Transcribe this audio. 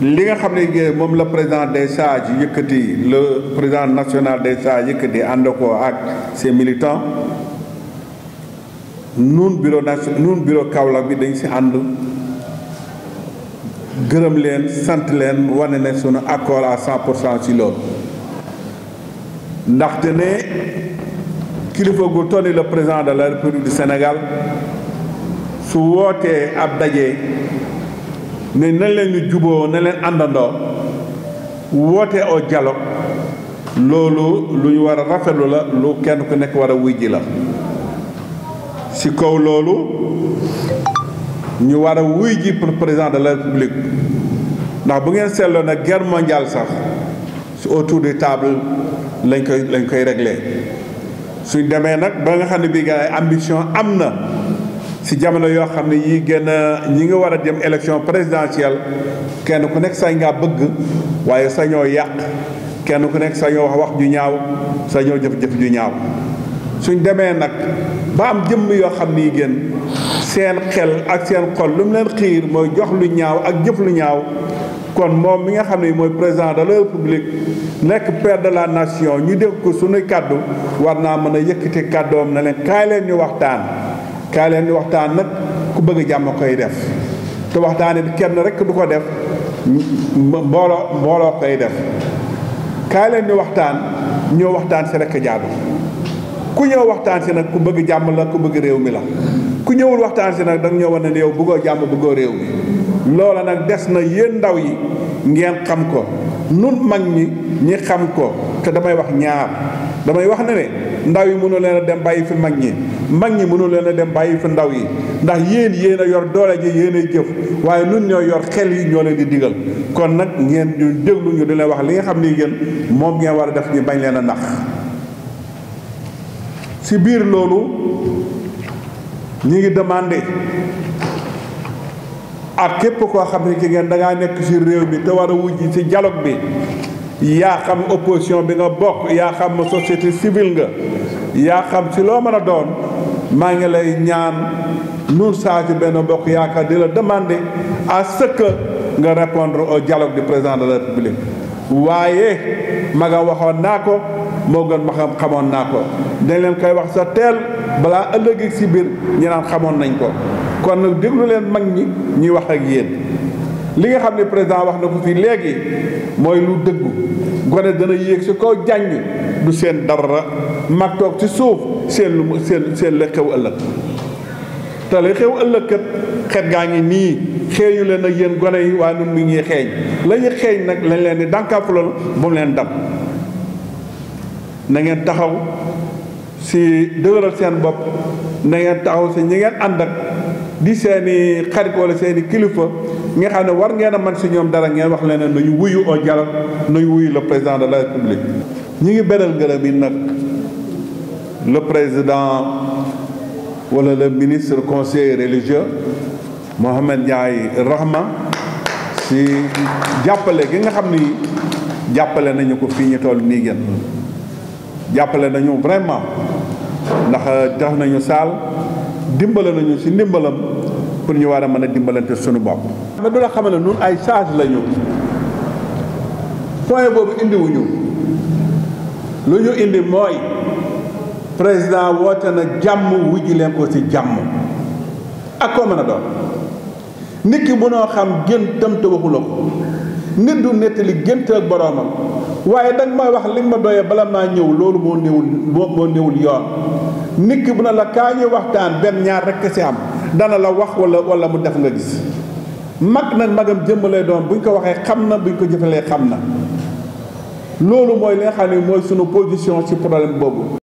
li nga xam ne moom la président des sages yëkkati le président national des sages yëkkati ànd ko ak ses militants nun bureau national nun bureau Kaolack bi dañ si ànd gërëm leen sant leen wane ne sunu accord à cent pour cent si loolu ndaxte ne kilifa gu tonni le président de la république du Sénégal su wootee ab daje ne na leen ñu juboo na leen àndandoo woote au dialogue loolu lu ñu war a rafetlu la lu kenn ku nekk war a ji la si kaw loolu ñu war a wuy ji pour président de la république ndax bu ngeen seetloo nag guerre mondiale sax su autour de table lañ koy lañ koy régle suñ demee nag ba nga xam ne bii gars yi ambition am na si jamono yoo xam ne yii gën a ñi ngi war a jëm élection présidentielle kenn ku nekk sañ ngaa bëgg waaye sañoo yàq kenn ku nekk sañoo wax wax ju ñaaw sañoo jëf-jëf ju ñaaw suñ demee nag ba am jëmm yoo xam ne yi gën seen xel ak seen xol lu mu leen xiir mooy jox lu ñaaw ak jëf lu ñaaw kon moom mi nga xam ne mooy président de la république nekk père de la nation ñu dégg ko suñuy kàddu war naa mën a yëkkati kàddoom na leen kaay leen ñu waxtaan kaay leen di waxtaan nag ku bëgg jàmm koy def te waxtaan it kenn rek du ko def mbooloo mbooloo koy def kaay leen di waxtaan ñëw waxtaan si rekk jaadu ku ñëw waxtaan si nag ku bëgg jàmm la ku bëgg réew mi la ku ñëwul waxtaan si nag danga ñëw wane ne yow bëggoo jàmm bëggoo réew mi loola nag des na yéen ndaw yi ngeen xam ko nun mag ñi ñi xam ko te damay wax ñaar damay wax ne ne ndaw yi mënu leen a dem bàyyi fi mag ñi mag ñi mënu leen a dem bàyyi fi ndaw yi ndax yéen yéen a yor doole ji yéen ay jëf waaye nun ñoo yor xel yi ñoo leen di digal kon nag ngeen ñu déglu ñu di leen wax li nga xam ni yéen moom ngeen war a def ñu bañ leen a nax si biir loolu ñi ngi demandé ak képp koo xam ne ci ngeen da ngaa nekk si réew mi te war a wujj si dialogue bi yaa xam opposition bi nga bokk yaa xam société civile nga yaa xam si loo mën a doon maa ngi lay ñaan nun saa si benn bokk yaakaar di la demander à ce nga répondre au dialogue du président de la république waaye magam waxoon naa ko moo gën ma xam xamoon naa ko dañ leen koy wax sa teel balaa ëllëg si biir ñu xamoon nañ ko kon nag déglu leen mag ñi ñuy wax ak yéen li nga xam ne président wax na ko fii léegi mooy lu dëggu gone dana yéeg si kaw jàng du seen dara mag toog ci suuf seen lu seen seen la xew ëllëg te la xew ëllëg kat xet gaa ngi nii xeeñu leen ak yéen gone yi waaye nun mi ngi xeeñ la ñuy xeeñ nag lañ leen di dànkaafu lool bu mu leen dab na ngeen taxaw si dëgëral seen bopp na ngeen taxaw si ñi ngeen ànd ak di seen i xarit wala seen i kilifa nga xam ne war ngeen a man si ñoom dara ngeen wax leneen nañu wuyu au dialogue nañu wuyu le président de la république ñi ngi beral gërëm yi nag le président wala le ministre conseiller religieux Mohamed Ndiaye Rahma si jàppale gi nga xam ni jàppale nañu ko fii ñu toll nii ngeen jàppale nañu vraiment ndax tax nañu saal dimbale nañu si ndimbalam pour ñu war a mën a dimbalante suñu bopp. mais du la xam ne nun ay charge lañu ñu point boobu indiwuñu lu ñu indi mooy président woote na jàmm wujji leen ko si jàmm ak koo mën a doon nit ki mënoo xam géntam te waxuloo ko nit du nettali gént ak boroomam. waaye dañ may wax li ma doyee bala maa ñëw loolu moo néewul moo moo néewul yoon nit ki bu na la kaa ñuy waxtaan benn ñaar rekk si am dana la wax walla walla mu def nga gis mag nag magam jëmm lay doon bu ñu ko waxee xam na bu ñu ko jëfalee xam na loolu mooy li nga xam ne mooy sunu position ci problème boobu